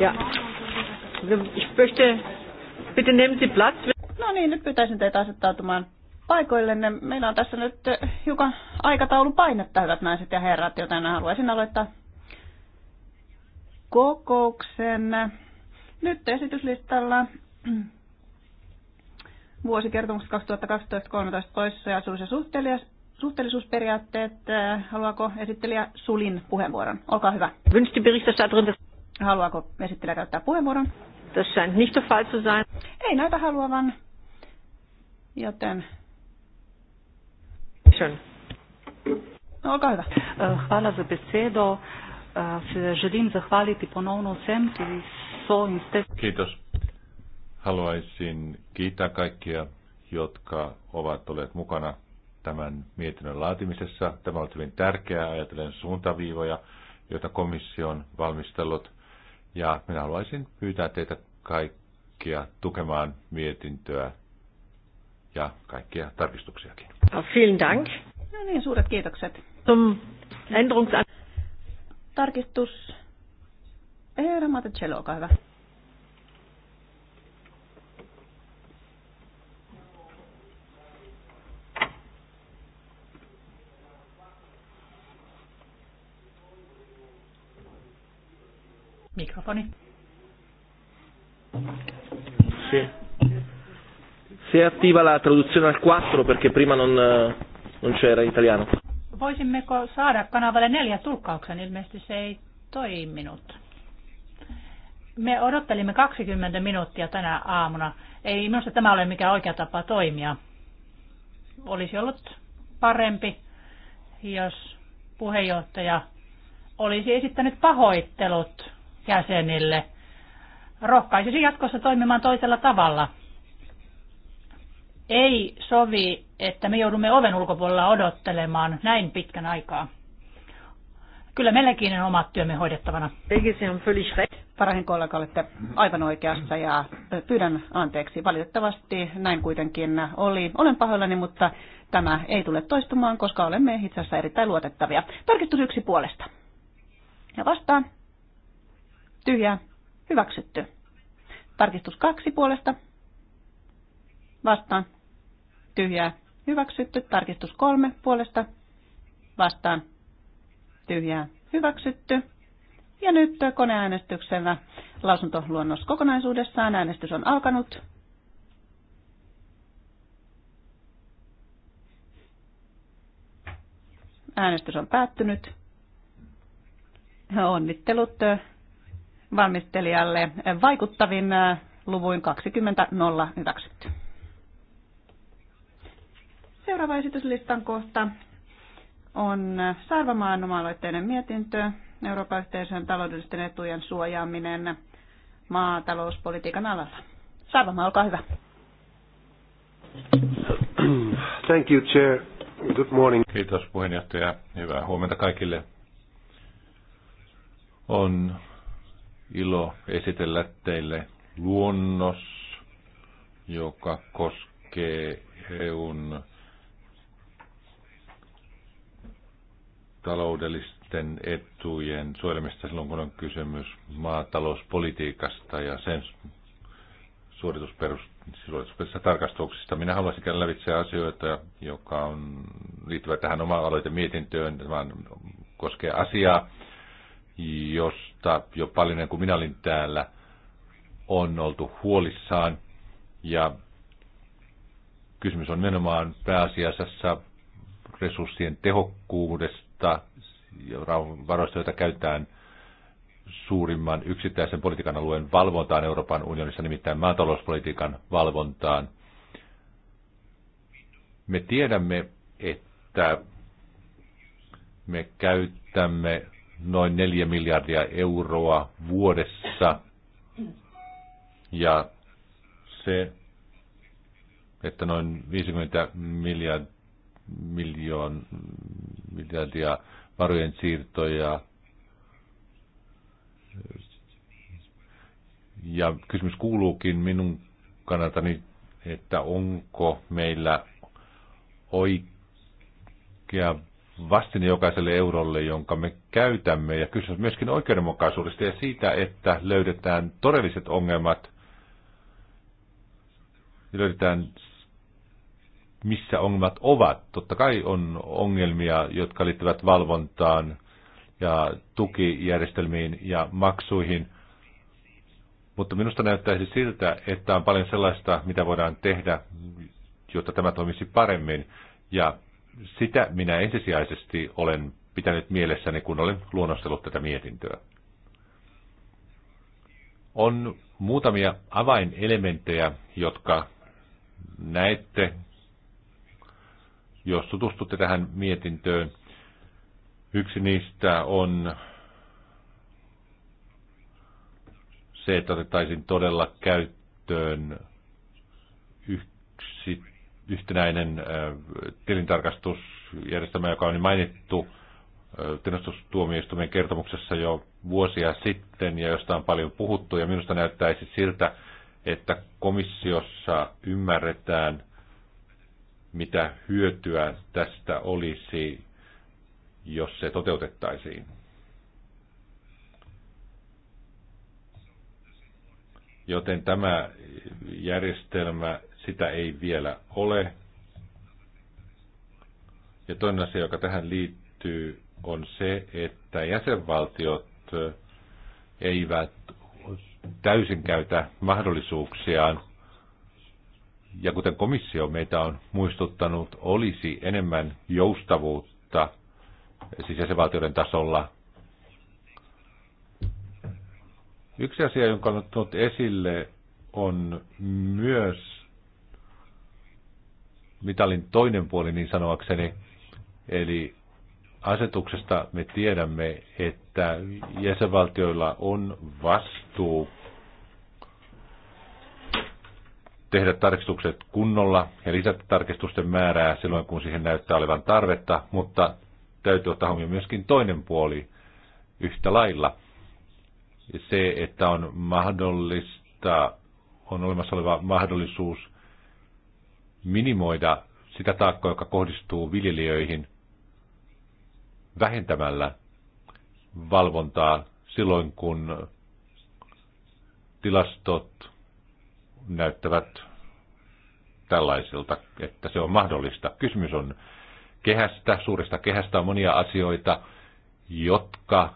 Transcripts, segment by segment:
Ja, ich möchte, bitte nehmen Sie Platz. No niin, nyt pyytäisin teitä asettautumaan paikoillenne. Meillä on tässä nyt eh, hiukan aikataulupainetta, hyvät naiset ja herrat, joten haluaisin aloittaa kokouksen. Nyt esityslistalla vuosikertomus 2012-2013 toissijaisuus ja suhteellisuus suhteellisuusperiaatteet. Eh, haluaako esittelijä Sulin puheenvuoron? Olkaa hyvä. Wünscht die Berichterstatterin Haluaako esittelijä käyttää puheenvuoron? Tässä nicht der Fall zu sein. Ei näytä haluavan, joten... Schön. No, olkaa hyvä. Eh, hvala za besedo. Eh, želim zahvaliti ponovno sem, ki so in Kiitos. Haluaisin kiittää kaikkia, jotka ovat olleet mukana tämän mietinnön laatimisessa. Tämä on hyvin tärkeää ajatellen suuntaviivoja, joita komissio on valmistellut – ja minä haluaisin pyytää teitä kaikkia tukemaan mietintöä ja kaikkia tarkistuksiakin. Vielen Dank. No niin, suuret kiitokset. Tarkistus. Herra Maticello, olkaa hyvä. Mikrofoni. Sì. Si è attiva la traduzione al 4 perché prima non, eh, non c'era italiano. Voisimmeko saada kanavalle neljä tulkkauksen? Ilmeisesti se ei toiminut. Me odottelimme 20 minuuttia tänä aamuna. Ei minusta tämä ole mikään oikea tapa toimia. Olisi ollut parempi, jos puheenjohtaja olisi esittänyt pahoittelut jäsenille rohkaisisi jatkossa toimimaan toisella tavalla. Ei sovi, että me joudumme oven ulkopuolella odottelemaan näin pitkän aikaa. Kyllä meilläkin on omat työmme hoidettavana. Parahin kollega olette aivan oikeassa ja pyydän anteeksi. Valitettavasti näin kuitenkin oli. Olen pahoillani, mutta tämä ei tule toistumaan, koska olemme itse asiassa erittäin luotettavia. Tarkistus yksi puolesta. Ja vastaan Tyhjää. Hyväksytty. Tarkistus kaksi puolesta. Vastaan. Tyhjää. Hyväksytty. Tarkistus kolme puolesta. Vastaan. Tyhjää. Hyväksytty. Ja nyt koneäänestyksellä lausuntoluonnos kokonaisuudessaan. Äänestys on alkanut. Äänestys on päättynyt. Onnittelut valmistelijalle vaikuttavin luvuin 20.0 hyväksytty. Seuraava esityslistan kohta on Sarvamaan oma-aloitteinen mietintö, Euroopan yhteisön taloudellisten etujen suojaaminen maatalouspolitiikan alalla. Sarvamaa, olkaa hyvä. Thank you, Chair. Good morning. Kiitos puheenjohtaja. Hyvää huomenta kaikille. On ilo esitellä teille luonnos, joka koskee EUn taloudellisten etujen suojelemista silloin, kun on kysymys maatalouspolitiikasta ja sen suoritusperusteisista tarkastuksista. Minä haluaisin käydä lävitse asioita, joka on liittyvä tähän omaan aloitemietintöön. Tämä koskee asiaa, jos mutta jo paljon kuin minä olin täällä, on oltu huolissaan. Ja kysymys on nimenomaan pääasiassa resurssien tehokkuudesta ja varoista, joita käytetään suurimman yksittäisen politiikan alueen valvontaan Euroopan unionissa, nimittäin maatalouspolitiikan valvontaan. Me tiedämme, että me käytämme noin 4 miljardia euroa vuodessa. Ja se, että noin 50 miljard, miljoon, miljardia varojen siirtoja. Ja kysymys kuuluukin minun kannaltani, että onko meillä oikea vastine jokaiselle eurolle, jonka me käytämme. Ja kysymys myöskin oikeudenmukaisuudesta ja siitä, että löydetään todelliset ongelmat ja löydetään missä ongelmat ovat. Totta kai on ongelmia, jotka liittyvät valvontaan ja tukijärjestelmiin ja maksuihin. Mutta minusta näyttäisi siltä, että on paljon sellaista, mitä voidaan tehdä, jotta tämä toimisi paremmin. Ja sitä minä ensisijaisesti olen pitänyt mielessäni, kun olen luonnostellut tätä mietintöä. On muutamia avainelementtejä, jotka näette, jos tutustutte tähän mietintöön. Yksi niistä on se, että otettaisiin todella käyttöön yksi yhtenäinen tilintarkastusjärjestelmä, joka on mainittu tilastustuomioistuimen kertomuksessa jo vuosia sitten ja josta on paljon puhuttu. Ja minusta näyttäisi siltä, että komissiossa ymmärretään, mitä hyötyä tästä olisi, jos se toteutettaisiin. Joten tämä järjestelmä, sitä ei vielä ole. Ja toinen asia, joka tähän liittyy, on se, että jäsenvaltiot eh, eivät täysin käytä mahdollisuuksiaan. Ja kuten komissio meitä on muistuttanut, olisi enemmän joustavuutta siis jäsenvaltioiden tasolla Yksi asia, jonka olen tuonut esille, on myös mitalin toinen puoli niin sanoakseni, eli asetuksesta me tiedämme, että jäsenvaltioilla on vastuu tehdä tarkistukset kunnolla ja lisätä tarkistusten määrää silloin, kun siihen näyttää olevan tarvetta, mutta täytyy ottaa huomioon myöskin toinen puoli yhtä lailla – se, että on mahdollista, on olemassa oleva mahdollisuus minimoida sitä taakkoa, joka kohdistuu viljelijöihin vähentämällä valvontaa silloin, kun tilastot näyttävät tällaisilta, että se on mahdollista. Kysymys on kehästä, suuresta kehästä on monia asioita, jotka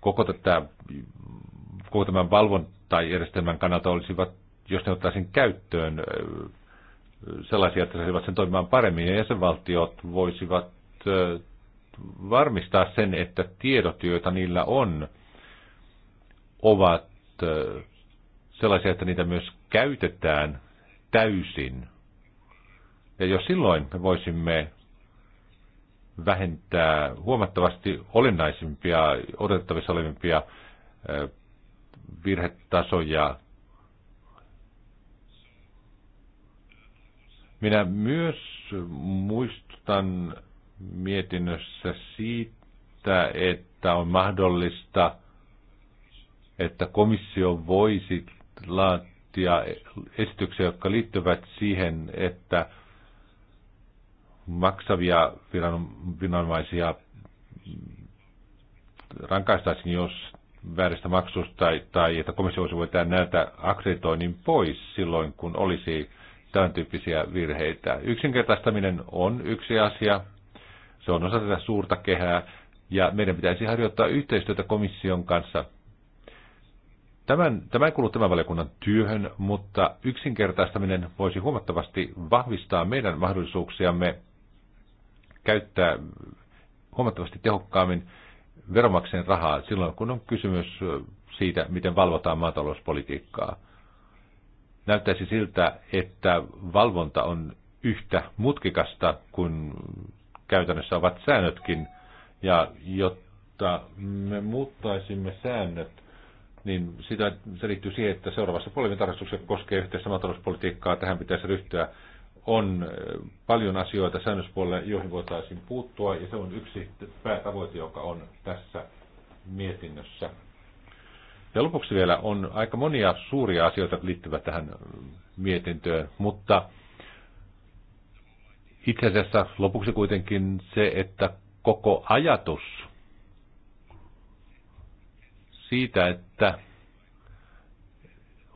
koko, tätä, koko tämän valvontajärjestelmän kannalta olisivat, jos ne ottaisiin käyttöön sellaisia, että saisivat sen toimimaan paremmin ja jäsenvaltiot voisivat varmistaa sen, että tiedot, joita niillä on, ovat sellaisia, että niitä myös käytetään täysin. Ja jos silloin me voisimme vähentää huomattavasti olennaisimpia, odotettavissa olevimpia virhetasoja. Minä myös muistutan mietinnössä siitä, että on mahdollista, että komissio voisi laatia esityksiä, jotka liittyvät siihen, että maksavia viranomaisia rankaistaisiin, jos vääristä maksusta tai, tai että komissio voisi voittaa näitä akreditoinnin pois silloin, kun olisi tämän tyyppisiä virheitä. Yksinkertaistaminen on yksi asia. Se on osa tätä suurta kehää ja meidän pitäisi harjoittaa yhteistyötä komission kanssa. Tämän, tämä ei kuulu tämän valiokunnan työhön, mutta yksinkertaistaminen voisi huomattavasti vahvistaa meidän mahdollisuuksiamme käyttää huomattavasti tehokkaammin veromaksen rahaa silloin, kun on kysymys siitä, miten valvotaan maatalouspolitiikkaa. Näyttäisi siltä, että valvonta on yhtä mutkikasta kuin käytännössä ovat säännötkin. Ja jotta me muuttaisimme säännöt, niin sitä, se liittyy siihen, että seuraavassa puolivintarkastuksessa koskee yhteistä maatalouspolitiikkaa. Tähän pitäisi ryhtyä on paljon asioita säännöspuolelle, joihin voitaisiin puuttua, ja se on yksi päätavoite, joka on tässä mietinnössä. Ja lopuksi vielä on aika monia suuria asioita jotka liittyvät tähän mietintöön, mutta itse asiassa lopuksi kuitenkin se, että koko ajatus siitä, että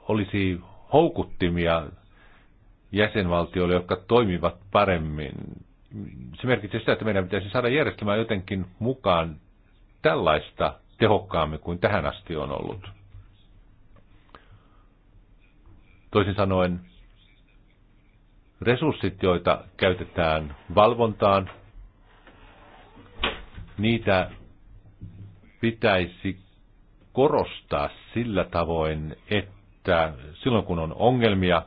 olisi houkuttimia jäsenvaltioille, jotka toimivat paremmin. Se merkitsee sitä, että meidän pitäisi saada järjestelmää jotenkin mukaan tällaista tehokkaammin kuin tähän asti on ollut. Toisin sanoen, resurssit, joita käytetään valvontaan, niitä pitäisi korostaa sillä tavoin, että silloin kun on ongelmia,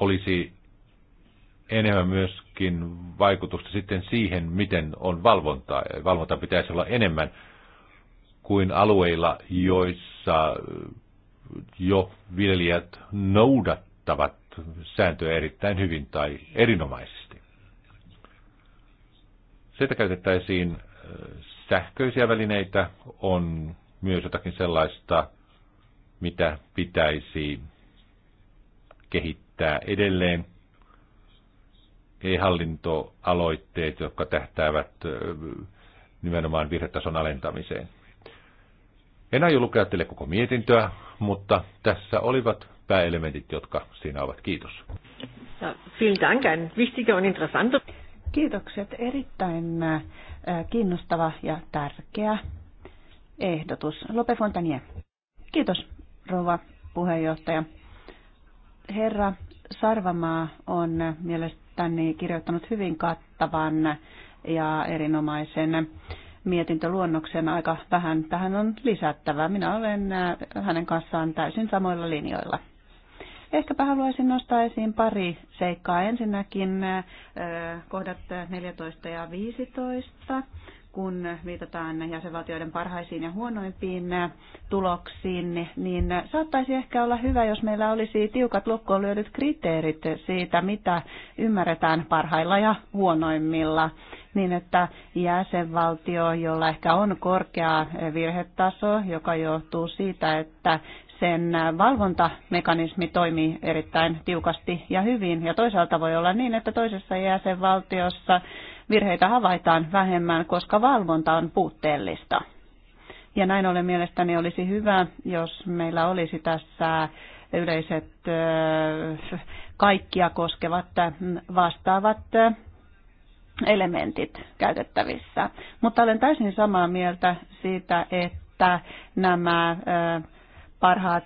olisi enemmän myöskin vaikutusta sitten siihen, miten on valvontaa. Valvonta pitäisi olla enemmän kuin alueilla, joissa jo viljelijät noudattavat sääntöjä erittäin hyvin tai erinomaisesti. Sitä käytettäisiin äh, sähköisiä välineitä, on myös jotakin sellaista, mitä pitäisi kehittää kehittää edelleen e-hallintoaloitteet, jotka tähtäävät nimenomaan virhetason alentamiseen. En aio lukea teille koko mietintöä, mutta tässä olivat pääelementit, jotka siinä ovat. Kiitos. Ja, vielen Dank, ein wichtiger und interessanter. Kiitokset. Erittäin kiinnostava ja tärkeä ehdotus. Lope Fontanier. Kiitos, rouva puheenjohtaja. Herra Sarvamaa on mielestäni kirjoittanut hyvin kattavan ja erinomaisen mietintöluonnoksen. Aika vähän tähän on lisättävää. Minä olen äh, hänen kanssaan täysin samoilla linjoilla. Ehkäpä haluaisin nostaa esiin pari seikkaa. Ensinnäkin äh, kohdat 14 ja 15 kun viitataan jäsenvaltioiden parhaisiin ja huonoimpiin tuloksiin, niin saattaisi ehkä olla hyvä, jos meillä olisi tiukat lukkoon lyödyt kriteerit siitä, mitä ymmärretään parhailla ja huonoimmilla, niin että jäsenvaltio, jolla ehkä on korkea virhetaso, joka johtuu siitä, että sen valvontamekanismi toimii erittäin tiukasti ja hyvin. Ja toisaalta voi olla niin, että toisessa jäsenvaltiossa virheitä havaitaan vähemmän, koska valvonta on puutteellista. Ja näin ollen mielestäni olisi hyvä, jos meillä olisi tässä yleiset kaikkia koskevat vastaavat elementit käytettävissä. Mutta olen täysin samaa mieltä siitä, että nämä parhaat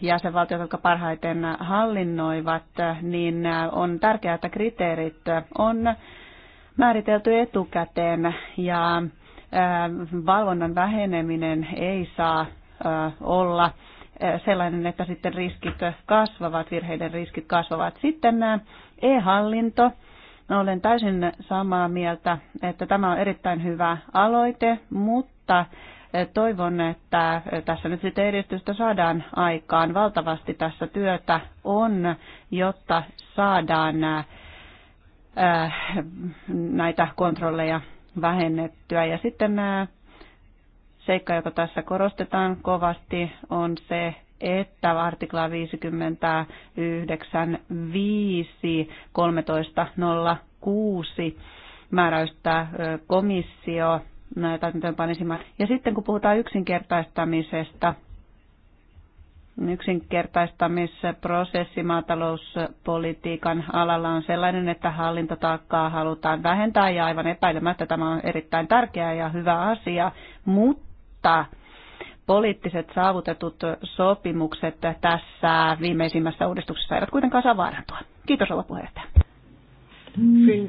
jäsenvaltiot, jotka parhaiten hallinnoivat, niin on tärkeää, että kriteerit on määritelty etukäteen ja valvonnan väheneminen ei saa olla sellainen, että sitten riskit kasvavat, virheiden riskit kasvavat. Sitten e-hallinto. No, olen täysin samaa mieltä, että tämä on erittäin hyvä aloite, mutta toivon, että tässä nyt sitten edistystä saadaan aikaan. Valtavasti tässä työtä on, jotta saadaan Äh, näitä kontrolleja vähennettyä. Ja sitten äh, seikka, jota tässä korostetaan kovasti, on se, että artikla 59.5.13.06 määräystä äh, komissio täytäntöönpanisimaan. Ja sitten kun puhutaan yksinkertaistamisesta, yksinkertaistamisprosessi maatalouspolitiikan alalla on sellainen, että hallintotaakkaa halutaan vähentää ja aivan epäilemättä tämä on erittäin tärkeä ja hyvä asia, mutta poliittiset saavutetut sopimukset tässä viimeisimmässä uudistuksessa eivät kuitenkaan saa vaarantua. Kiitos rouva puheenjohtaja. Mm.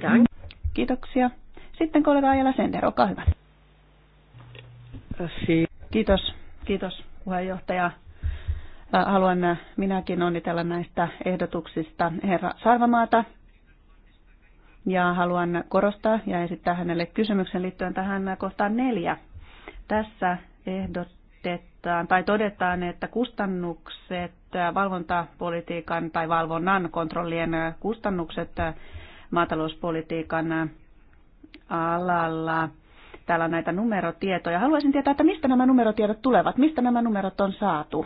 Kiitoksia. Sitten kollega Ajala Sender, olkaa hyvä. Äh, kiitos, kiitos puheenjohtaja Haluan minäkin onnitella näistä ehdotuksista herra Sarvamaata. Ja haluan korostaa ja esittää hänelle kysymyksen liittyen tähän kohtaan neljä. Tässä ehdotetaan tai todetaan, että kustannukset, valvontapolitiikan tai valvonnan kontrollien kustannukset maatalouspolitiikan alalla. Täällä on näitä numerotietoja. Haluaisin tietää, että mistä nämä numerotiedot tulevat, mistä nämä numerot on saatu.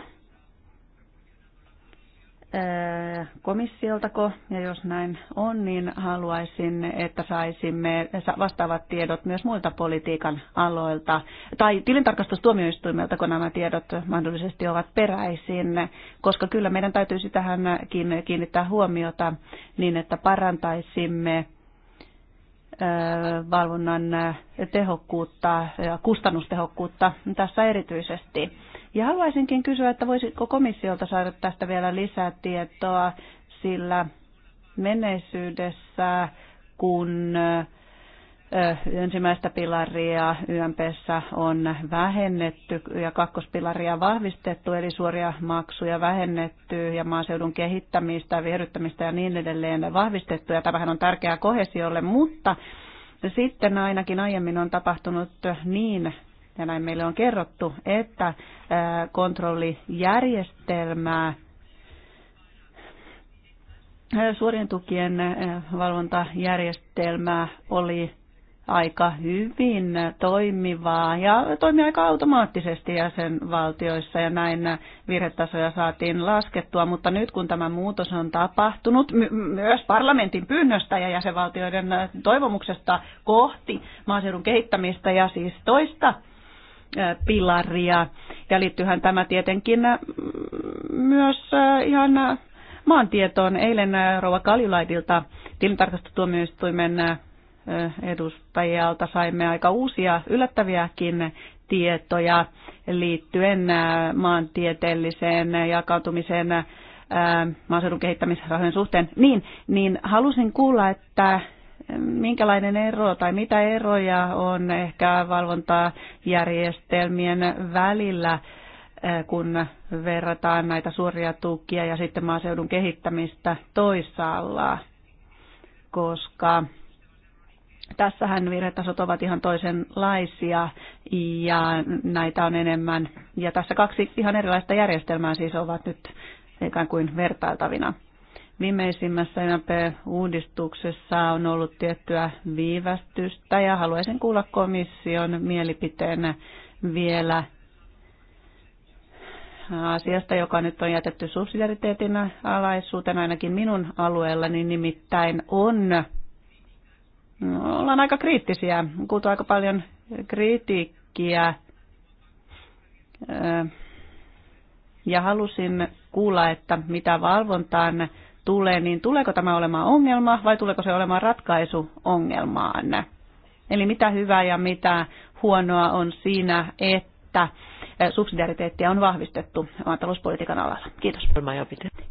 Äh, komissioltako, ja jos näin on, niin haluaisin, että saisimme vastaavat tiedot myös muilta politiikan aloilta, tai tilintarkastustuomioistuimelta, kun nämä tiedot mahdollisesti ovat peräisin, koska kyllä meidän täytyisi tähän kiinnittää huomiota niin, että parantaisimme äh, valvonnan tehokkuutta ja kustannustehokkuutta tässä erityisesti. Ja haluaisinkin kysyä, että voisiko komissiolta saada tästä vielä lisää tietoa, sillä menneisyydessä, kun ensimmäistä pilaria YMPssä on vähennetty ja kakkospilaria vahvistettu, eli suoria maksuja vähennetty ja maaseudun kehittämistä, viehdyttämistä ja niin edelleen vahvistettu. Ja tämähän on tärkeää kohesiolle, mutta sitten ainakin aiemmin on tapahtunut niin, ja näin meille on kerrottu, että kontrollijärjestelmää suorien tukien valvontajärjestelmä oli aika hyvin toimivaa ja toimi aika automaattisesti jäsenvaltioissa ja näin virhetasoja saatiin laskettua, mutta nyt kun tämä muutos on tapahtunut myös parlamentin pyynnöstä ja jäsenvaltioiden toivomuksesta kohti maaseudun kehittämistä ja siis toista pilaria. Ja liittyyhän tämä tietenkin myös ihan maantietoon. Eilen Rova Kaljulaidilta tilintarkastustuomioistuimen edustajalta saimme aika uusia yllättäviäkin tietoja liittyen maantieteelliseen jakautumiseen maaseudun kehittämisrahojen suhteen, niin, niin halusin kuulla, että minkälainen ero tai mitä eroja on ehkä valvontajärjestelmien välillä, eh, kun verrataan näitä suoria tukia ja sitten maaseudun kehittämistä toisaalla, koska tässähän virhetasot ovat ihan toisenlaisia ja näitä on enemmän. Ja tässä kaksi ihan erilaista järjestelmää siis ovat nyt ikään kuin vertailtavina viimeisimmässä mp uudistuksessa on ollut tiettyä viivästystä ja haluaisin kuulla komission mielipiteenä vielä asiasta, joka nyt on jätetty subsidiariteetin alaisuuteen ainakin minun alueellani, nimittäin on, ollaan aika kriittisiä, kuultu aika paljon kritiikkiä ja halusin kuulla, että mitä valvontaan tulee, niin tuleeko tämä olemaan ongelma vai tuleeko se olemaan ratkaisu ongelmaan? Eli mitä hyvää ja mitä huonoa on siinä, että subsidiariteettia on vahvistettu maatalouspolitiikan alalla. Kiitos.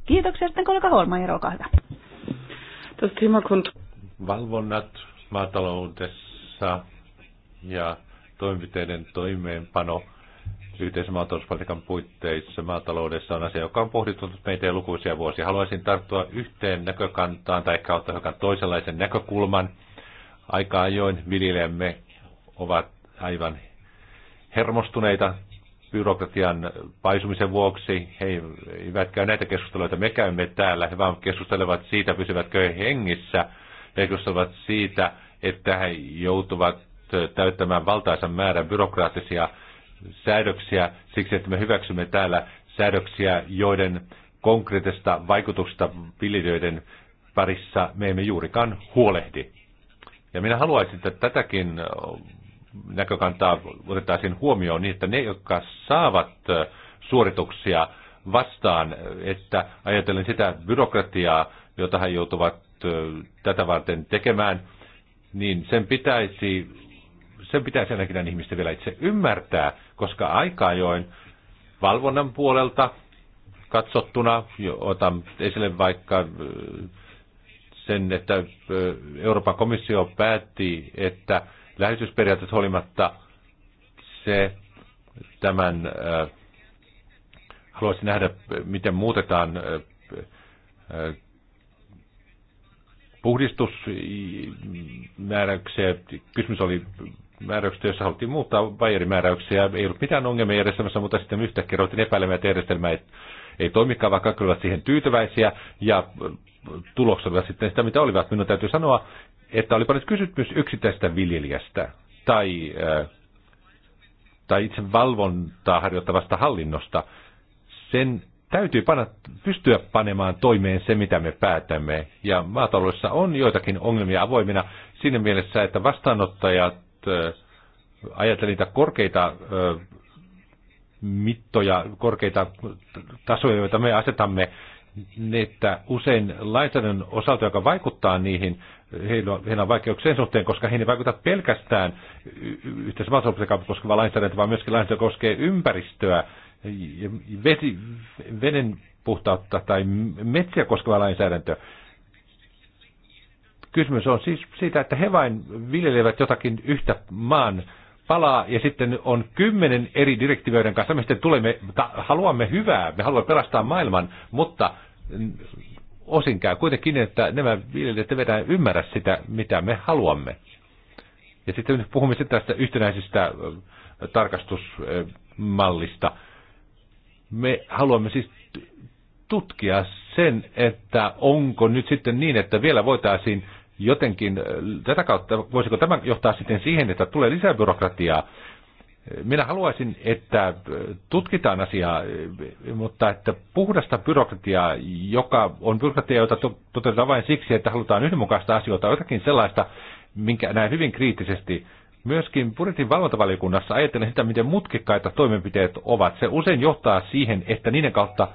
Kiitoksia. Sitten kollega ja olkaa hyvä. Valvonnat maataloudessa ja toimenpiteiden toimeenpano – yhteisen maatalouspolitiikan puitteissa maataloudessa on asia, joka on pohdittunut meitä lukuisia vuosia. Haluaisin tarttua yhteen näkökantaan tai ehkä ottaa hiukan toisenlaisen näkökulman. Aika ajoin viljelijämme ovat aivan hermostuneita byrokratian paisumisen vuoksi. He eivät käy näitä keskusteluita, me käymme täällä. He vaan keskustelevat siitä, pysyvätkö he hengissä. He keskustelevat siitä, että he joutuvat täyttämään valtaisan määrän byrokraattisia säädöksiä siksi, että me hyväksymme täällä säädöksiä, joiden konkreettista vaikutusta viljelijöiden parissa me emme juurikaan huolehdi. Ja minä haluaisin, että tätäkin näkökantaa otettaisiin huomioon niin, että ne, jotka saavat suorituksia vastaan, että ajatellen sitä byrokratiaa, jota he joutuvat tätä varten tekemään, niin sen pitäisi sen pitäisi ainakin ihmisten vielä itse ymmärtää, koska aika ajoin valvonnan puolelta katsottuna, otan esille vaikka sen, että Euroopan komissio päätti, että lähetysperiaatteet huolimatta se tämän, haluaisin nähdä, miten muutetaan puhdistusmääräykseen. Kysymys oli määräyksistä, joissa haluttiin muuttaa vajerimääräyksiä. Ei ollut mitään ongelmia järjestelmässä, mutta sitten yhtäkkiä ruvettiin epäilemään, että järjestelmä ei, ei toimikaan, vaikka kaikki olivat siihen tyytyväisiä ja äh, tulokset olivat sitten sitä, mitä olivat. Minun täytyy sanoa, että oli paljon kysymys yksittäisestä viljelijästä tai, äh, tai itse valvontaa harjoittavasta hallinnosta. Sen täytyy panna, pystyä panemaan toimeen se, mitä me päätämme. Ja maataloudessa on joitakin ongelmia avoimina siinä mielessä, että vastaanottajat ajatella niitä korkeita mittoja, korkeita tasoja, joita me asetamme, niin että usein lainsäädännön osalta, joka vaikuttaa niihin, heillä on, on vaikeuksia sen suhteen, koska he ei vaikuta pelkästään yhteisen maatalouspolitiikan koskeva lainsäädäntö, vaan myöskin lainsäädäntö koskee ympäristöä, veden puhtautta tai metsiä koskeva lainsäädäntö. Kysymys on siis siitä, että he vain viljelevät jotakin yhtä maan palaa ja sitten on kymmenen eri direktiivien kanssa. Me sitten tulemme, ta, haluamme hyvää, me haluamme pelastaa maailman, mutta mm, osin käy kuitenkin, niin, että nämä viljelijät eivät ymmärrä sitä, mitä me haluamme. Ja sitten nyt puhumme sitten tästä yhtenäisestä tarkastusmallista. Me haluamme siis tutkia sen, että onko nyt sitten niin, että vielä voitaisiin jotenkin äh, tätä kautta, voisiko tämä johtaa sitten siihen, että tulee lisää byrokratiaa? Minä haluaisin, että äh, tutkitaan asiaa, äh, mutta että puhdasta byrokratiaa, joka on byrokratia, jota toteutetaan vain siksi, että halutaan yhdenmukaista asioita, jotakin sellaista, minkä näin hyvin kriittisesti myöskin budjetin valvontavaliokunnassa ajattelen sitä, miten mutkikkaita toimenpiteet ovat. Se usein johtaa siihen, että niiden kautta,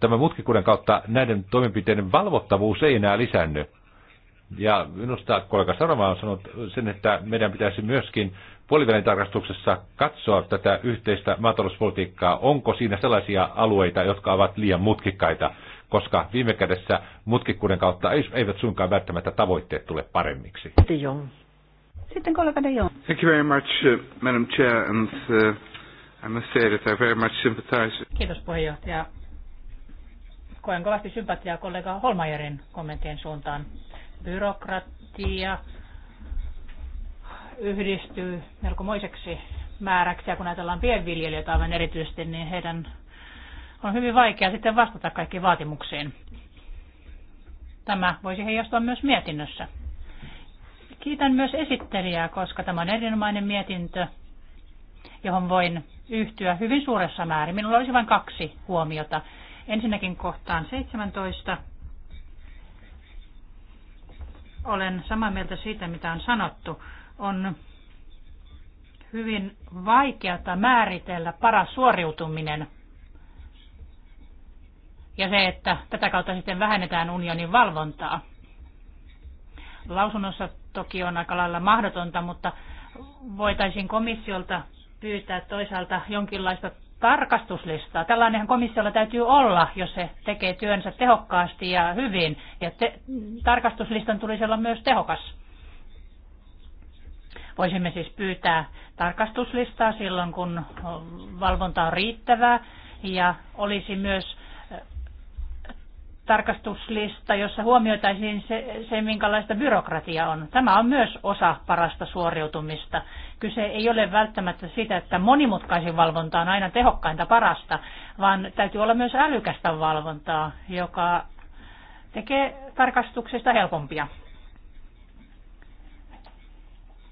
tämän mutkikkuuden kautta näiden toimenpiteiden valvottavuus ei enää lisännyt. Ja minusta kollega Sarova on sanonut sen, että meidän pitäisi myöskin puolivälin tarkastuksessa katsoa tätä yhteistä maatalouspolitiikkaa. Onko siinä sellaisia alueita, jotka ovat liian mutkikkaita, koska viime kädessä mutkikkuuden kautta eivät suinkaan välttämättä tavoitteet tule paremmiksi. De Jong. Sitten kollega De Jong. Thank you very much, uh, Madam Chair, and uh, I must say that I very much sympathize. Kiitos puheenjohtaja. Koen kovasti sympatiaa kollega Holmajerin kommenttien suuntaan byrokratia yhdistyy melkomoiseksi määräksi. Ja kun ajatellaan pienviljelijöitä aivan erityisesti, niin heidän on hyvin vaikea sitten vastata kaikkiin vaatimuksiin. Tämä voisi heijastua myös mietinnössä. Kiitän myös esittelijää, koska tämä on erinomainen mietintö, johon voin yhtyä hyvin suuressa määrin. Minulla olisi vain kaksi huomiota. Ensinnäkin kohtaan 17 olen samaa mieltä siitä, mitä on sanottu. On hyvin vaikeata määritellä paras suoriutuminen ja se, että tätä kautta sitten vähennetään unionin valvontaa. Lausunnossa toki on aika lailla mahdotonta, mutta voitaisiin komissiolta pyytää toisaalta jonkinlaista tarkastuslistaa. Tällainen komissiolla täytyy olla, jos se tekee työnsä tehokkaasti ja hyvin. Ja te- tarkastuslistan tulisi olla myös tehokas. Voisimme siis pyytää tarkastuslistaa silloin, kun valvonta on riittävää ja olisi myös eh, tarkastuslista, jossa huomioitaisiin se, se minkälaista byrokratia on. Tämä on myös osa parasta suoriutumista. Kyse ei ole välttämättä sitä, että monimutkaisin valvonta on aina tehokkainta parasta, vaan täytyy olla myös älykästä valvontaa, joka tekee tarkastuksista helpompia.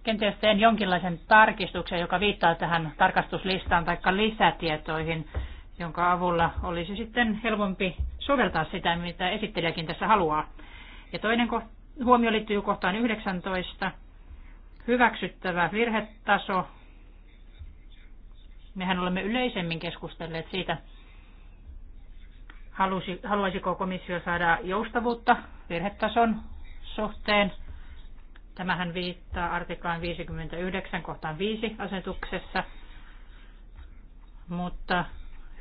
Kenties teen jonkinlaisen tarkistuksen, joka viittaa tähän tarkastuslistaan tai lisätietoihin, jonka avulla olisi sitten helpompi soveltaa sitä, mitä esittelijäkin tässä haluaa. Ja toinen huomio liittyy kohtaan 19 hyväksyttävä virhetaso. Mehän olemme yleisemmin keskustelleet siitä, halusi, haluaisiko komissio saada joustavuutta virhetason suhteen. Tämähän viittaa artiklaan 59 kohtaan 5 asetuksessa, mutta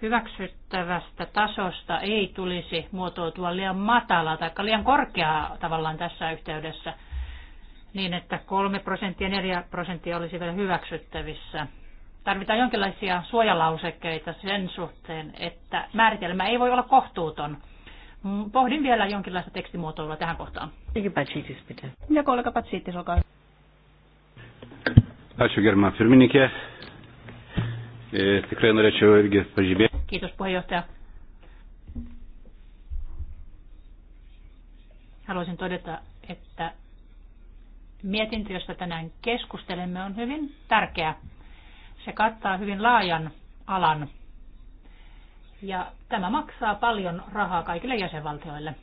hyväksyttävästä tasosta ei tulisi muotoutua liian matalaa tai liian korkeaa tavallaan tässä yhteydessä – niin, että 3 prosenttia, 4 prosenttia olisi vielä hyväksyttävissä. Tarvitaan jonkinlaisia suojalausekkeita sen suhteen, että määritelmä ei voi olla kohtuuton. Pohdin vielä jonkinlaista tekstimuotoilua tähän kohtaan. Ja kollega Patsiittis, olkaa hyvä. Ačiū germa pirmininkė. E, tikrai norėčiau irgi pažymėti. Kiitos puheenjohtaja. Haluaisin todeta, että Mietintö, josta tänään keskustelemme, on hyvin tärkeä. Se kattaa hyvin laajan alan. Ja tämä maksaa paljon rahaa kaikille jäsenvaltioille.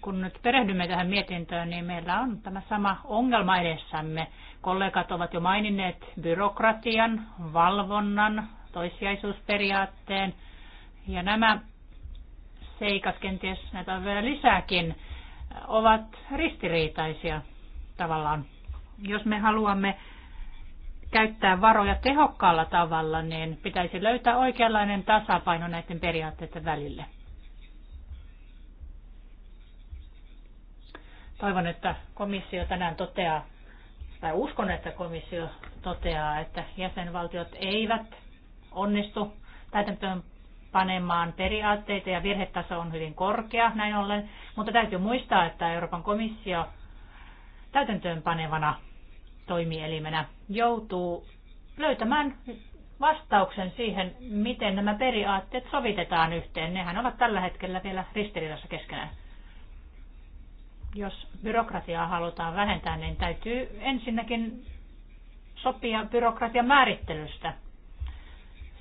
kun nyt perehdymme tähän mietintöön, niin meillä on tämä sama ongelma edessämme. Kollegat ovat jo maininneet byrokratian, valvonnan, toissijaisuusperiaatteen. Ja nämä seikat, kenties näitä on vielä lisääkin, ovat ristiriitaisia tavallaan. Jos me haluamme käyttää varoja tehokkaalla tavalla, niin pitäisi löytää oikeanlainen tasapaino näiden periaatteiden välille. Toivon, että komissio tänään toteaa, tai uskon, että komissio toteaa, että jäsenvaltiot eivät onnistu täytäntöön panemaan periaatteita ja virhetaso on hyvin korkea näin ollen, mutta täytyy muistaa, että Euroopan komissio täytäntöön panevana toimielimenä joutuu löytämään vastauksen siihen, miten nämä periaatteet sovitetaan yhteen. Nehän ovat tällä hetkellä vielä ristiriidassa keskenään. Jos byrokratiaa halutaan vähentää, niin täytyy ensinnäkin sopia byrokratian määrittelystä.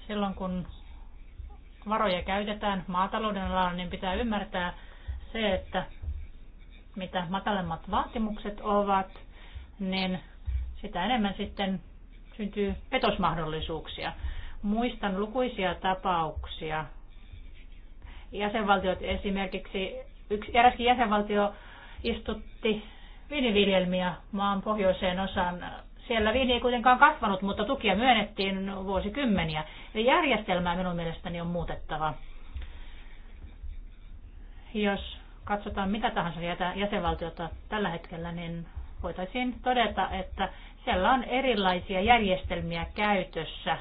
Silloin kun varoja käytetään maatalouden alalla, niin pitää ymmärtää se, että mitä matalemmat vaatimukset ovat, niin sitä enemmän sitten syntyy petosmahdollisuuksia. Muistan lukuisia tapauksia. Jäsenvaltiot esimerkiksi, yksi, eräskin jäsenvaltio istutti viiniviljelmiä maan pohjoiseen osaan siellä viini ei kuitenkaan kasvanut, mutta tukia myönnettiin vuosikymmeniä. Eli järjestelmää minun mielestäni on muutettava. Jos katsotaan mitä tahansa jäsenvaltiota tällä hetkellä, niin voitaisiin todeta, että siellä on erilaisia järjestelmiä käytössä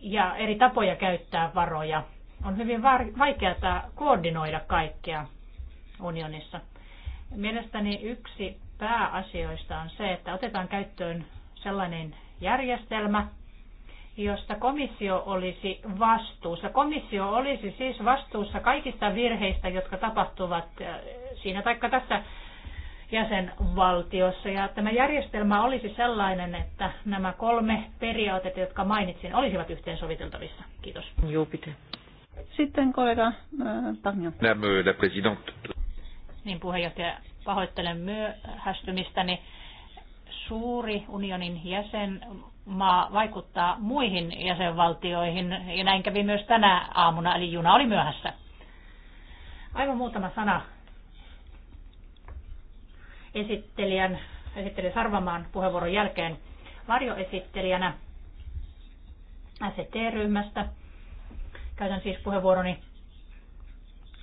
ja eri tapoja käyttää varoja. On hyvin vaikeaa koordinoida kaikkea unionissa. Mielestäni yksi pääasioista on se, että otetaan käyttöön sellainen järjestelmä, josta komissio olisi vastuussa. Komissio olisi siis vastuussa kaikista virheistä, jotka tapahtuvat äh, siinä taikka tässä jäsenvaltiossa. Ja tämä järjestelmä olisi sellainen, että nämä kolme periaatetta, jotka mainitsin, olisivat yhteensoviteltavissa. Kiitos. Joo, Sitten kollega äh, Tanja. Niin, puheenjohtaja pahoittelen myöhästymistäni. Suuri unionin jäsenmaa vaikuttaa muihin jäsenvaltioihin, ja näin kävi myös tänä aamuna, eli juna oli myöhässä. Aivan muutama sana esittelijän, esittelijä Sarvamaan puheenvuoron jälkeen varjoesittelijänä ST-ryhmästä. Käytän siis puheenvuoroni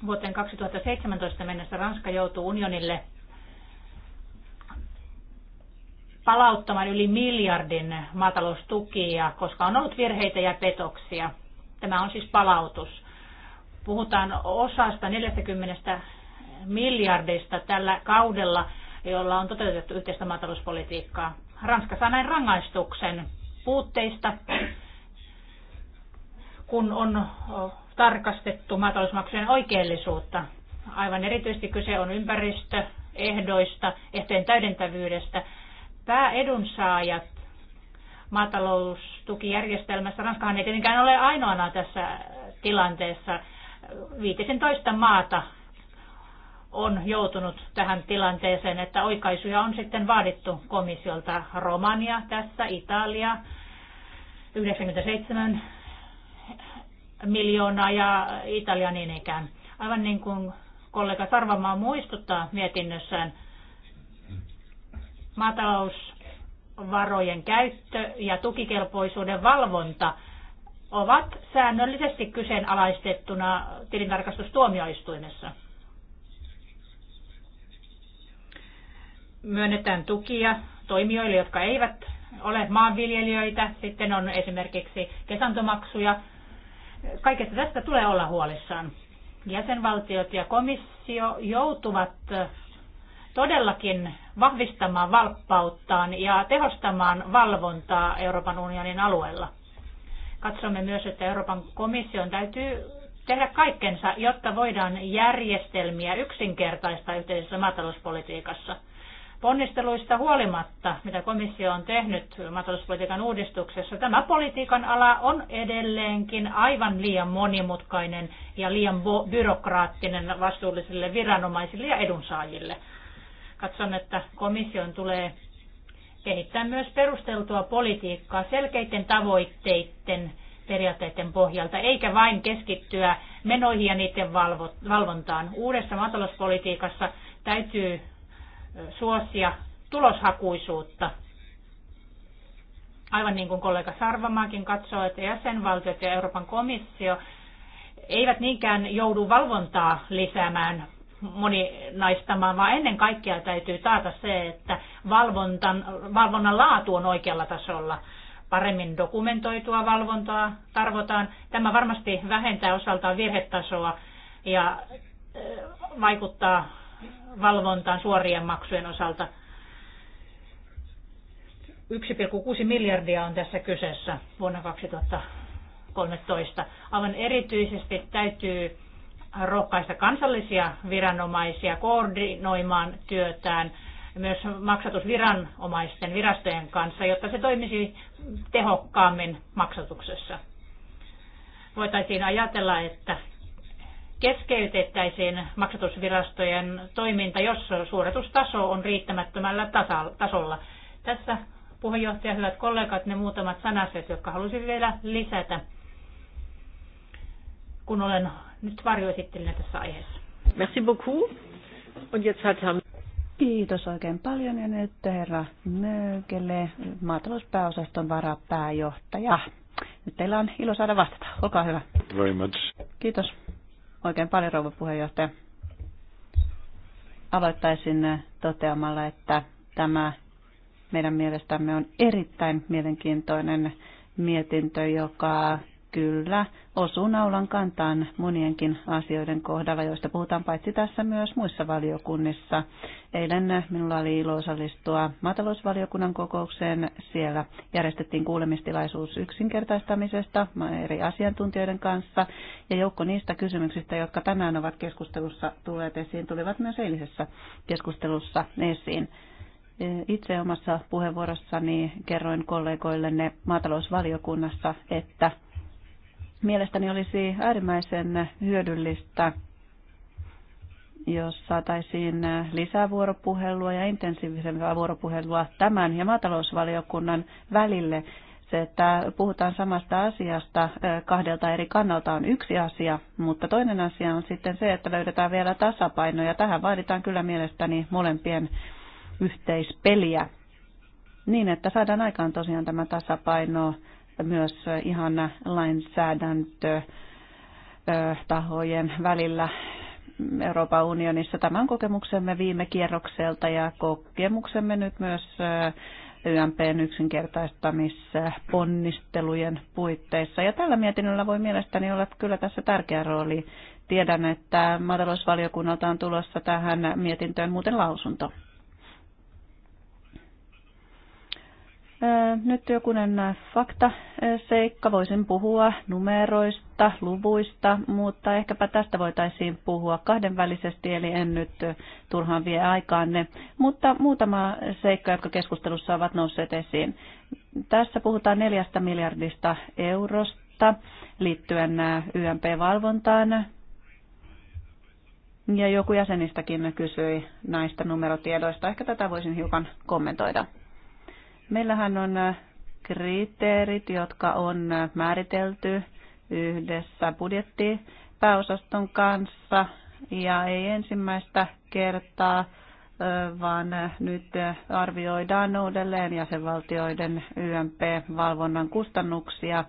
Vuoteen 2017 mennessä Ranska joutuu unionille palauttamaan yli miljardin maataloustukia, koska on ollut virheitä ja petoksia. Tämä on siis palautus. Puhutaan osasta 40 miljardista tällä kaudella, jolla on toteutettu yhteistä maatalouspolitiikkaa. Ranska saa näin rangaistuksen puutteista, kun on tarkastettu maatalousmaksujen oikeellisuutta. Aivan erityisesti kyse on ympäristöehdoista, ehtojen täydentävyydestä. Pääedunsaajat maataloustukijärjestelmässä, Ranskahan ei tietenkään ole ainoana tässä tilanteessa. 15 maata on joutunut tähän tilanteeseen, että oikaisuja on sitten vaadittu komissiolta. Romania tässä, Italia, 97 miljoonaa ja Italia niin ikään. Aivan niin kuin kollega Sarvamaa muistuttaa mietinnössään, maatalousvarojen käyttö ja tukikelpoisuuden valvonta ovat säännöllisesti kyseenalaistettuna tilintarkastustuomioistuimessa. Myönnetään tukia toimijoille, jotka eivät ole maanviljelijöitä. Sitten on esimerkiksi kesantomaksuja, Kaikesta tästä tulee olla huolissaan. Jäsenvaltiot ja komissio joutuvat todellakin vahvistamaan valppauttaan ja tehostamaan valvontaa Euroopan unionin alueella. Katsomme myös, että Euroopan komission täytyy tehdä kaikkensa, jotta voidaan järjestelmiä yksinkertaistaa yhteisessä maatalouspolitiikassa – ponnisteluista huolimatta, mitä komissio on tehnyt maatalouspolitiikan uudistuksessa, tämä politiikan ala on edelleenkin aivan liian monimutkainen ja liian byrokraattinen vastuullisille viranomaisille ja edunsaajille. Katson, että komission tulee kehittää myös perusteltua politiikkaa selkeiden tavoitteiden periaatteiden pohjalta, eikä vain keskittyä menoihin ja niiden valvontaan. Uudessa maatalouspolitiikassa täytyy suosia tuloshakuisuutta. Aivan niin kuin kollega Sarvamaakin katsoo, että jäsenvaltiot ja Euroopan komissio eivät niinkään joudu valvontaa lisäämään moninaistamaan, vaan ennen kaikkea täytyy taata se, että valvontan, valvonnan laatu on oikealla tasolla. Paremmin dokumentoitua valvontaa tarvotaan. Tämä varmasti vähentää osaltaan virhetasoa ja vaikuttaa valvontaan suorien maksujen osalta. 1,6 miljardia on tässä kyseessä vuonna 2013. Aivan erityisesti täytyy rohkaista kansallisia viranomaisia koordinoimaan työtään myös maksatusviranomaisten virastojen kanssa, jotta se toimisi tehokkaammin maksatuksessa. Voitaisiin ajatella, että keskeytettäisiin maksatusvirastojen toiminta, jos suoritustaso on riittämättömällä tasolla. Tässä puheenjohtaja, hyvät kollegat, ne muutamat sanaset, jotka halusin vielä lisätä, kun olen nyt varjoesittelijänä tässä aiheessa. Merci beaucoup. Und jetzt hat Kiitos oikein paljon ja nyt herra Mögele, maatalouspääosaston varapääjohtaja. Nyt teillä on ilo saada vastata. Olkaa hyvä. Very much. Kiitos oikein paljon, rouva puheenjohtaja. Aloittaisin eh, toteamalla, että tämä meidän mielestämme on erittäin mielenkiintoinen mietintö, joka kyllä osuu naulan kantaan monienkin asioiden kohdalla, joista puhutaan paitsi tässä myös muissa valiokunnissa. Eilen minulla oli ilo osallistua maatalousvaliokunnan kokoukseen. Siellä järjestettiin kuulemistilaisuus yksinkertaistamisesta eri asiantuntijoiden kanssa. Ja joukko niistä kysymyksistä, jotka tänään ovat keskustelussa tulleet esiin, tulivat myös eilisessä keskustelussa esiin. Itse omassa puheenvuorossani kerroin kollegoillenne maatalousvaliokunnassa, että Mielestäni olisi äärimmäisen hyödyllistä, jos saataisiin lisää vuoropuhelua ja intensiivisempää vuoropuhelua tämän ja maatalousvaliokunnan välille. Se, että puhutaan samasta asiasta kahdelta eri kannalta on yksi asia, mutta toinen asia on sitten se, että löydetään vielä tasapaino ja tähän vaaditaan kyllä mielestäni molempien yhteispeliä niin, että saadaan aikaan tosiaan tämä tasapaino myös ihan lainsäädäntötahojen välillä Euroopan unionissa. Tämän kokemuksemme viime kierrokselta ja kokemuksemme nyt myös eh, YMPn yksinkertaistamisponnistelujen puitteissa. Ja tällä mietinnöllä voi mielestäni olla kyllä tässä tärkeä rooli. Tiedän, että maatalousvaliokunnalta on tulossa tähän mietintöön muuten lausunto. Nyt jokunen äh, fakta seikka. Voisin puhua numeroista, luvuista, mutta ehkäpä tästä voitaisiin puhua kahdenvälisesti, eli en nyt turhaan vie aikaanne. Mutta muutama seikka, jotka keskustelussa ovat nousseet esiin. Tässä puhutaan neljästä miljardista eurosta liittyen YMP-valvontaan. Ja joku jäsenistäkin kysyi näistä numerotiedoista. Ehkä tätä voisin hiukan kommentoida. Meillähän on äh, kriteerit, jotka on äh, määritelty yhdessä budjettipääosaston kanssa ja ei ensimmäistä kertaa, äh, vaan nyt arvioidaan uudelleen jäsenvaltioiden YMP-valvonnan kustannuksia.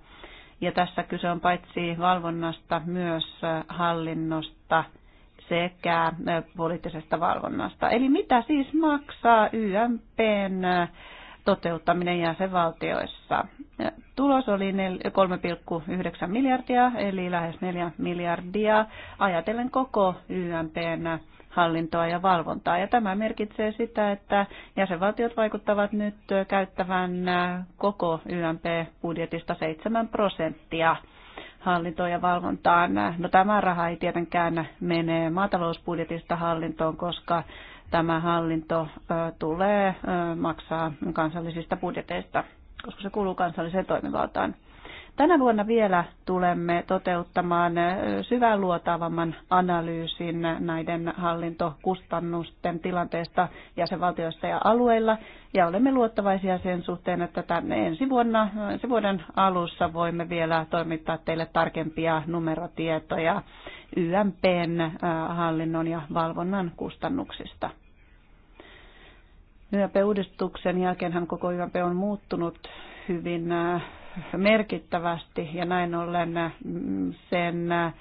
Ja tässä kyse on paitsi valvonnasta myös hallinnosta sekä poliittisesta valvonnasta. Eli mitä siis maksaa YMPn toteuttaminen jäsenvaltioissa. Tulos oli 3,9 miljardia, eli lähes 4 miljardia, ajatellen koko YMPn hallintoa ja valvontaa. Ja tämä merkitsee sitä, että jäsenvaltiot vaikuttavat nyt käyttävän koko YMP-budjetista 7 prosenttia hallintoon ja valvontaan. No tämä raha ei tietenkään mene maatalousbudjetista hallintoon, koska tämä hallinto tulee maksaa kansallisista budjeteista, koska se kuuluu kansalliseen toimivaltaan. Tänä vuonna vielä tulemme toteuttamaan syvän luotaavamman analyysin näiden hallintokustannusten tilanteesta jäsenvaltioissa ja alueilla. Ja olemme luottavaisia sen suhteen, että tänne ensi, vuonna, ensi vuoden alussa voimme vielä toimittaa teille tarkempia numerotietoja YMPn hallinnon ja valvonnan kustannuksista. YMP-uudistuksen jälkeenhän koko YMP on muuttunut hyvin äh, merkittävästi ja näin ollen äh, sen äh,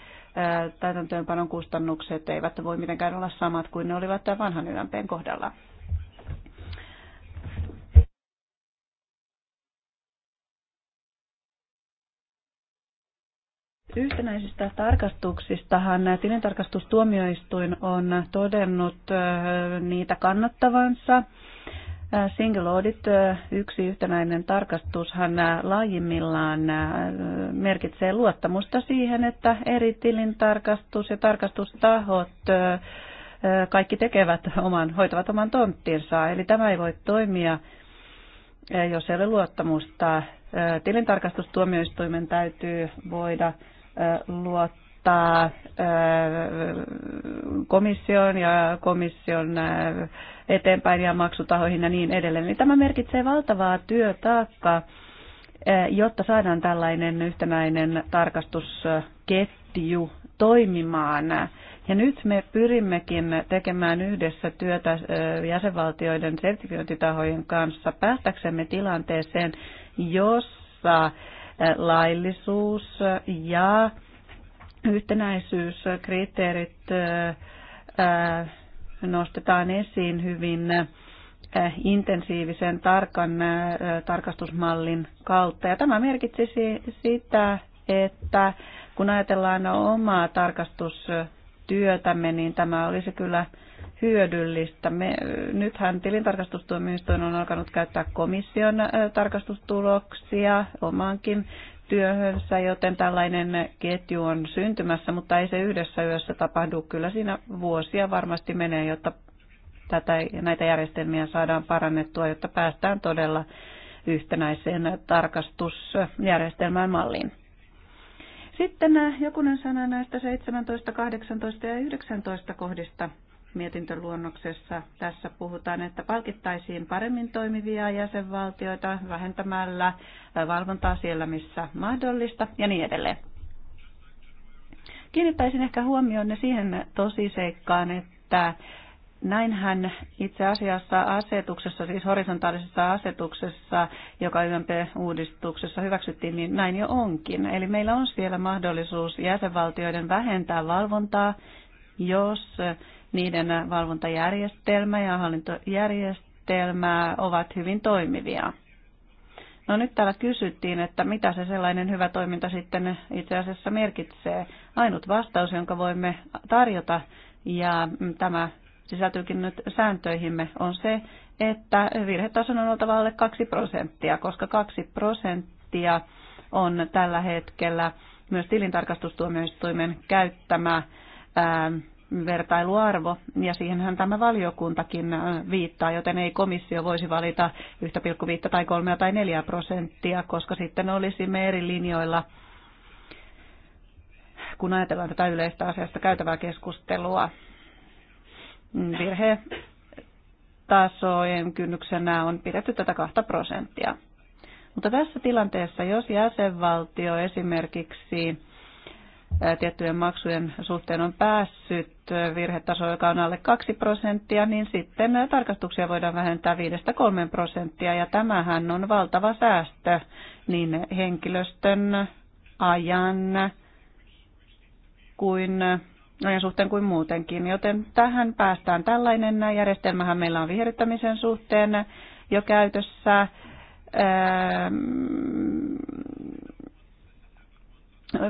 täytäntöönpanon kustannukset eivät voi mitenkään olla samat kuin ne olivat tämän vanhan YMPn kohdalla. Yhtenäisistä tarkastuksistahan tilintarkastustuomioistuin on todennut niitä kannattavansa Äh, Single audit, äh, yksi yhtenäinen tarkastushan äh, laajimmillaan merkitsee luottamusta siihen, että eri tilintarkastus ja tarkastustahot kaikki tekevät oman, hoitavat oman tonttinsa. Eli tämä ei voi toimia, jos ei ole luottamusta. Tilintarkastustuomioistuimen täytyy voida luottaa luottaa komission ja komission eteenpäin ja maksutahoihin ja niin edelleen. Eli tämä merkitsee valtavaa työtaakkaa, jotta saadaan tällainen yhtenäinen tarkastusketju toimimaan. Ja nyt me pyrimmekin tekemään yhdessä työtä jäsenvaltioiden sertifiointitahojen kanssa päästäksemme tilanteeseen, jossa laillisuus ja yhtenäisyyskriteerit nostetaan esiin hyvin intensiivisen tarkan tarkastusmallin kautta. Ja tämä merkitsisi sitä, että kun ajatellaan omaa tarkastustyötämme, niin tämä olisi kyllä hyödyllistä. Me, nythän tilintarkastustuomioistuin on alkanut käyttää komission tarkastustuloksia omaankin työhönsä, joten tällainen ketju on syntymässä, mutta ei se yhdessä yössä tapahdu. Kyllä siinä vuosia varmasti menee, jotta tätä, näitä järjestelmiä saadaan parannettua, jotta päästään todella yhtenäiseen tarkastusjärjestelmään malliin. Sitten jokunen sana näistä 17, 18 ja 19 kohdista mietintöluonnoksessa. Tässä puhutaan, että palkittaisiin paremmin toimivia jäsenvaltioita vähentämällä valvontaa siellä, missä mahdollista ja niin edelleen. Kiinnittäisin ehkä huomioon siihen tosiseikkaan, että näinhän itse asiassa asetuksessa, siis horisontaalisessa asetuksessa, joka YMP-uudistuksessa hyväksyttiin, niin näin jo onkin. Eli meillä on siellä mahdollisuus jäsenvaltioiden vähentää valvontaa, jos niiden valvontajärjestelmä ja hallintojärjestelmä ovat hyvin toimivia. No nyt täällä kysyttiin, että mitä se sellainen hyvä toiminta sitten itse asiassa merkitsee. Ainut vastaus, jonka voimme tarjota, ja tämä sisältyykin nyt sääntöihimme, on se, että virhetason on oltava alle 2 prosenttia, koska 2 prosenttia on tällä hetkellä myös tilintarkastustuomioistuimen käyttämä vertailuarvo, ja siihenhän tämä valiokuntakin viittaa, joten ei komissio voisi valita 1,5 tai 3 tai 4 prosenttia, koska sitten olisimme eri linjoilla, kun ajatellaan tätä yleistä asiasta käytävää keskustelua. Virhe tasojen kynnyksenä on pidetty tätä 2 prosenttia. Mutta tässä tilanteessa, jos jäsenvaltio esimerkiksi tiettyjen maksujen suhteen on päässyt virhetaso, joka on alle 2 prosenttia, niin sitten tarkastuksia voidaan vähentää 5-3 prosenttia. Ja tämähän on valtava säästö niin henkilöstön ajan kuin ajan suhteen kuin muutenkin. Joten tähän päästään tällainen järjestelmähän meillä on viherittämisen suhteen jo käytössä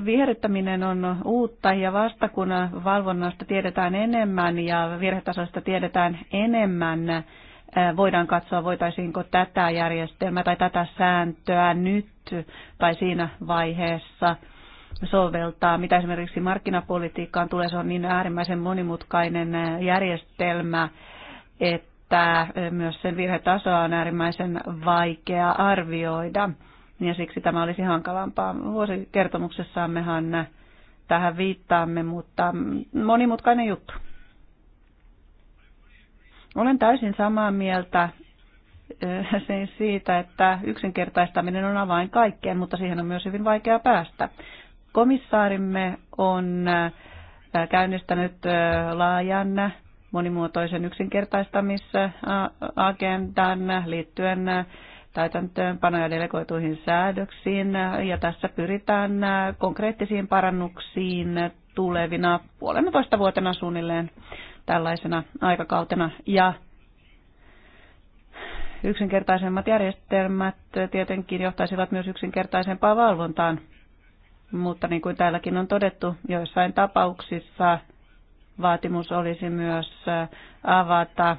viherryttäminen on uutta ja vasta kun valvonnasta tiedetään enemmän ja virhetasoista tiedetään enemmän, voidaan katsoa, voitaisiinko tätä järjestelmää tai tätä sääntöä nyt tai siinä vaiheessa soveltaa. Mitä esimerkiksi markkinapolitiikkaan tulee, se on niin äärimmäisen monimutkainen järjestelmä, että myös sen virhetasoa on äärimmäisen vaikea arvioida ja siksi tämä olisi hankalampaa. Vuosikertomuksessammehan tähän viittaamme, mutta monimutkainen juttu. Olen täysin samaa mieltä sen siitä, että yksinkertaistaminen on avain kaikkeen, mutta siihen on myös hyvin vaikea päästä. Komissaarimme on käynnistänyt laajan monimuotoisen yksinkertaistamisagendan liittyen täytäntöönpano- ja delegoituihin säädöksiin ja tässä pyritään konkreettisiin parannuksiin tulevina puolentoista vuotena suunnilleen tällaisena aikakautena ja yksinkertaisemmat järjestelmät tietenkin johtaisivat myös yksinkertaisempaan valvontaan, mutta niin kuin täälläkin on todettu, joissain tapauksissa vaatimus olisi myös avata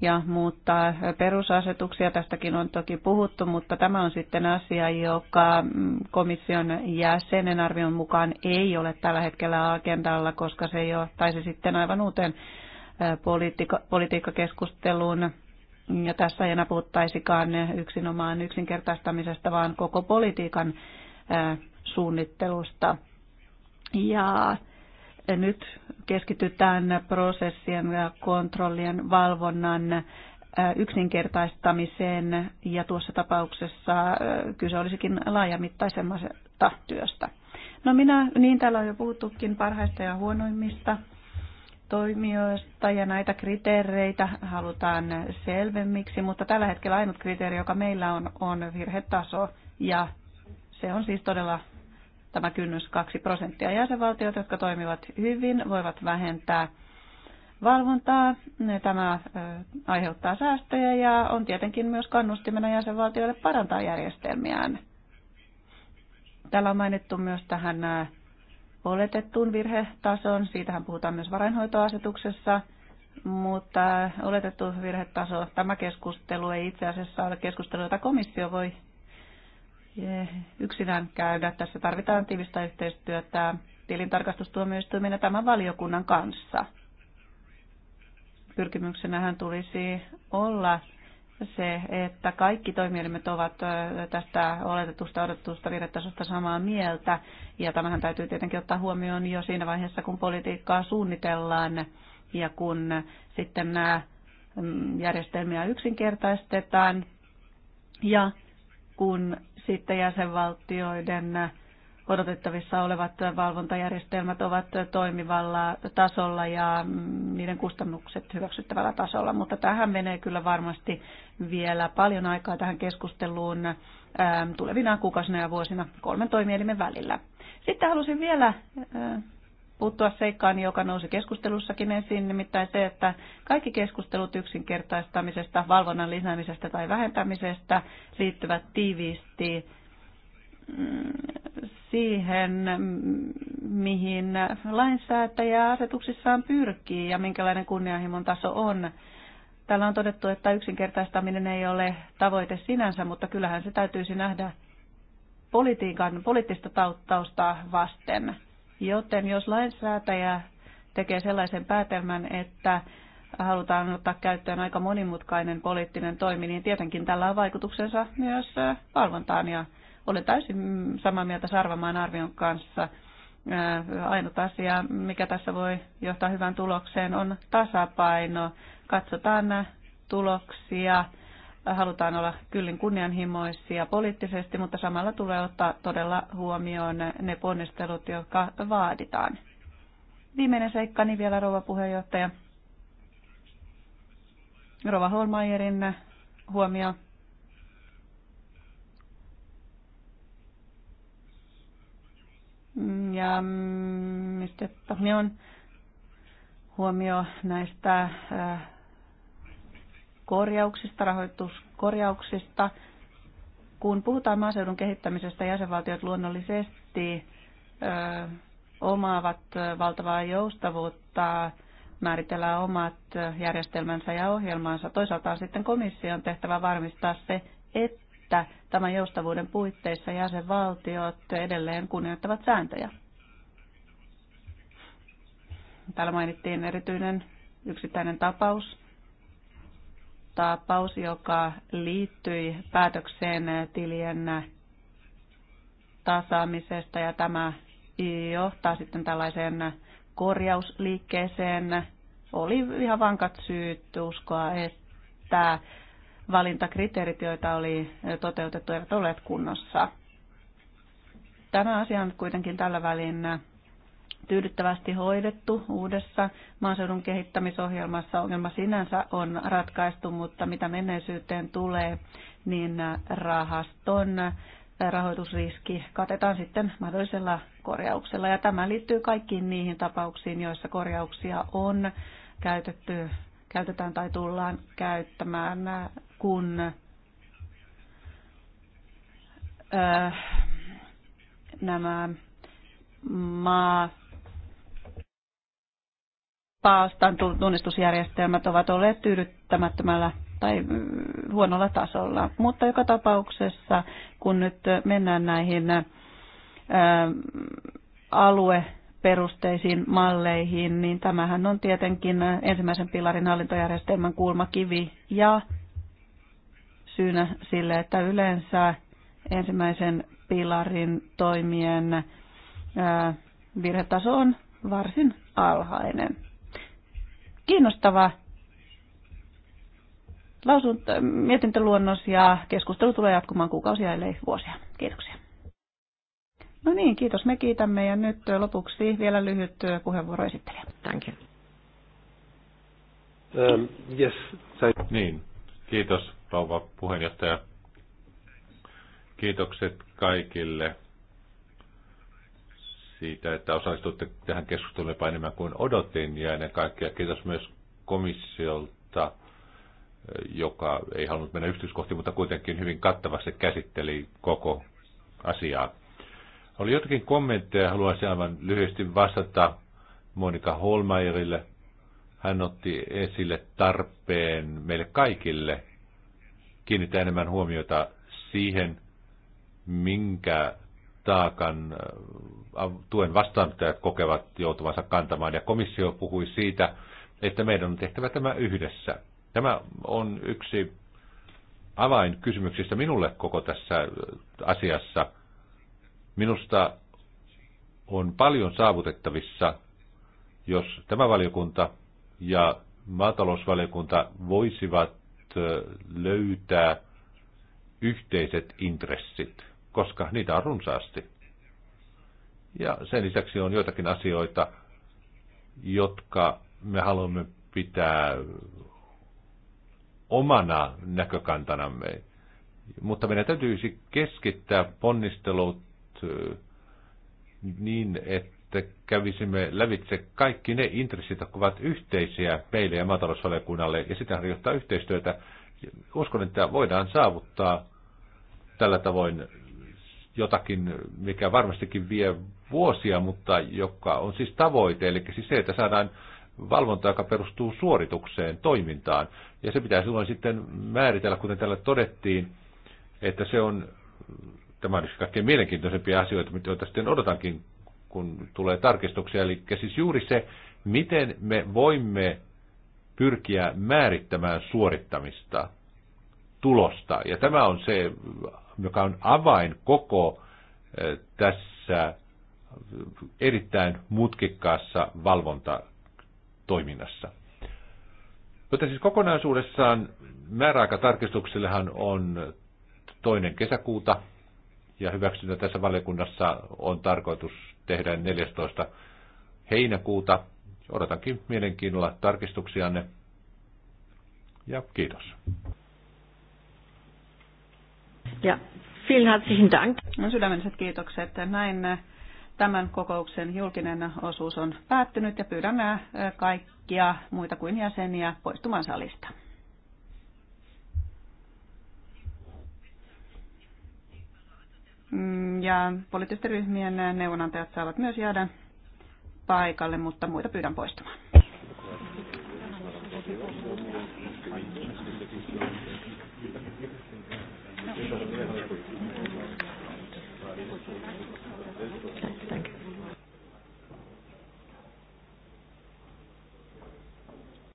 ja muuttaa perusasetuksia. Tästäkin on toki puhuttu, mutta tämä on sitten asia, joka komission jäsenen arvion mukaan ei ole tällä hetkellä agendalla, koska se johtaisi sitten aivan uuteen politiikkakeskusteluun. Ja tässä ei enää puhuttaisikaan yksinomaan yksinkertaistamisesta, vaan koko politiikan suunnittelusta. Ja nyt keskitytään prosessien ja kontrollien valvonnan yksinkertaistamiseen ja tuossa tapauksessa kyse olisikin laajamittaisemmasta työstä. No minä, niin täällä on jo puhuttukin parhaista ja huonoimmista toimijoista ja näitä kriteereitä halutaan selvemmiksi, mutta tällä hetkellä ainut kriteeri, joka meillä on, on virhetaso ja se on siis todella tämä kynnys 2 prosenttia. Jäsenvaltiot, jotka toimivat hyvin, voivat vähentää valvontaa. Tämä aiheuttaa säästöjä ja on tietenkin myös kannustimena jäsenvaltioille parantaa järjestelmiään. Täällä on mainittu myös tähän oletettuun virhetason. Siitähän puhutaan myös varainhoitoasetuksessa, mutta oletettu virhetaso, tämä keskustelu ei itse asiassa ole keskustelu, jota komissio voi Eh, yksinään käydä. Tässä tarvitaan tiivistä yhteistyötä tilintarkastustuomioistuimen ja tämän valiokunnan kanssa. Pyrkimyksenähän tulisi olla se, että kaikki toimielimet ovat tästä oletetusta odotetusta virretasosta samaa mieltä. Ja tämähän täytyy tietenkin ottaa huomioon jo siinä vaiheessa, kun politiikkaa suunnitellaan ja kun sitten nämä mm, järjestelmiä yksinkertaistetaan. Ja kun sitten jäsenvaltioiden odotettavissa olevat valvontajärjestelmät ovat toimivalla tasolla ja niiden kustannukset hyväksyttävällä tasolla. Mutta tähän menee kyllä varmasti vielä paljon aikaa tähän keskusteluun tulevina kuukausina ja vuosina kolmen toimielimen välillä. Sitten halusin vielä puuttua seikkaan, joka nousi keskustelussakin esiin, nimittäin se, että kaikki keskustelut yksinkertaistamisesta, valvonnan lisäämisestä tai vähentämisestä liittyvät tiiviisti mm, siihen, mihin lainsäätäjä asetuksissaan pyrkii ja minkälainen kunnianhimon taso on. Täällä on todettu, että yksinkertaistaminen ei ole tavoite sinänsä, mutta kyllähän se täytyisi nähdä politiikan, poliittista tauttausta vasten Joten jos lainsäätäjä tekee sellaisen päätelmän, että halutaan ottaa käyttöön aika monimutkainen poliittinen toimi, niin tietenkin tällä on vaikutuksensa myös valvontaan. Ja olen täysin samaa mieltä Sarvamaan arvion kanssa. Ainut asia, mikä tässä voi johtaa hyvään tulokseen, on tasapaino. Katsotaan tuloksia halutaan olla kyllin kunnianhimoisia poliittisesti, mutta samalla tulee ottaa todella huomioon ne ponnistelut, jotka vaaditaan. Viimeinen seikkani vielä, rouva puheenjohtaja. Rova Holmeierin huomio. Ja mm, mistä on huomio näistä äh, korjauksista, rahoituskorjauksista. Kun puhutaan maaseudun kehittämisestä, jäsenvaltiot luonnollisesti ö, omaavat valtavaa joustavuutta määritellä omat järjestelmänsä ja ohjelmansa. Toisaalta on sitten komission tehtävä varmistaa se, että tämän joustavuuden puitteissa jäsenvaltiot edelleen kunnioittavat sääntöjä. Täällä mainittiin erityinen yksittäinen tapaus tapaus, joka liittyi päätökseen tilien tasaamisesta ja tämä johtaa sitten tällaiseen korjausliikkeeseen. Oli ihan vankat syyt uskoa, että valintakriteerit, joita oli toteutettu, eivät olleet kunnossa. Tämä asia on kuitenkin tällä välin tyydyttävästi hoidettu uudessa maaseudun kehittämisohjelmassa. Ongelma sinänsä on ratkaistu, mutta mitä menneisyyteen tulee, niin rahaston rahoitusriski katetaan sitten mahdollisella korjauksella. Ja tämä liittyy kaikkiin niihin tapauksiin, joissa korjauksia on käytetty, käytetään tai tullaan käyttämään, kun äh, nämä maa Paastan tunnistusjärjestelmät ovat olleet tyydyttämättömällä tai mm, huonolla tasolla. Mutta joka tapauksessa, kun nyt mennään näihin alueperusteisiin malleihin, niin tämähän on tietenkin ensimmäisen pilarin hallintojärjestelmän kulmakivi ja syynä sille, että yleensä ensimmäisen pilarin toimien virhetaso on varsin alhainen kiinnostava lausunto, mietintöluonnos ja keskustelu tulee jatkumaan kuukausia ellei vuosia. Kiitoksia. No niin, kiitos. Me kiitämme ja nyt lopuksi vielä lyhyt puheenvuoro esittelijä. Thank you. Um, yes, thank Niin, kiitos rouva puheenjohtaja. Kiitokset kaikille siitä, että osallistutte tähän keskusteluun jopa enemmän kuin odotin. Ja ennen kaikkea kiitos myös komissiolta, joka ei halunnut mennä yksityiskohtiin, mutta kuitenkin hyvin kattavasti käsitteli koko asiaa. Oli jotakin kommentteja, haluaisin aivan lyhyesti vastata Monika Holmeierille. Hän otti esille tarpeen meille kaikille kiinnittää enemmän huomiota siihen, minkä taakan äh, tuen vastaanottajat kokevat joutuvansa kantamaan. Ja komissio puhui siitä, että meidän on tehtävä tämä yhdessä. Tämä on yksi avainkysymyksistä minulle koko tässä äh, asiassa. Minusta on paljon saavutettavissa, jos tämä valiokunta ja maatalousvaliokunta voisivat äh, löytää yhteiset intressit koska niitä on runsaasti. Ja sen lisäksi on joitakin asioita, jotka me haluamme pitää omana näkökantanamme. Mutta meidän täytyisi keskittää ponnistelut niin, että kävisimme lävitse kaikki ne intressit, jotka ovat yhteisiä meille ja maatalousvaliokunnalle, ja sitä harjoittaa yhteistyötä. Uskon, että voidaan saavuttaa tällä tavoin jotakin, mikä varmastikin vie vuosia, mutta joka on siis tavoite, eli siis se, että saadaan valvonta, joka perustuu suoritukseen, toimintaan. Ja se pitää silloin sitten määritellä, kuten täällä todettiin, että se on, tämä on yksi kaikkein mielenkiintoisempia asioita, joita sitten odotankin, kun tulee tarkistuksia. Eli siis juuri se, miten me voimme pyrkiä määrittämään suorittamista, tulosta. Ja tämä on se joka on avain koko tässä erittäin mutkikkaassa valvontatoiminnassa. Mutta siis kokonaisuudessaan määräaikatarkistuksillehan on toinen kesäkuuta ja hyväksyntä tässä valiokunnassa on tarkoitus tehdä 14. heinäkuuta. Odotankin mielenkiinnolla tarkistuksianne ja kiitos. Ja vielen herzlichen Dank. No, sydämelliset kiitokset. Näin äh, tämän kokouksen julkinen osuus on päättynyt ja pyydämme äh, kaikkia muita kuin jäseniä poistumaan salista. Mm, ja poliittisten ryhmien neuvonantajat saavat myös jäädä paikalle, mutta muita pyydän poistumaan. Gracias.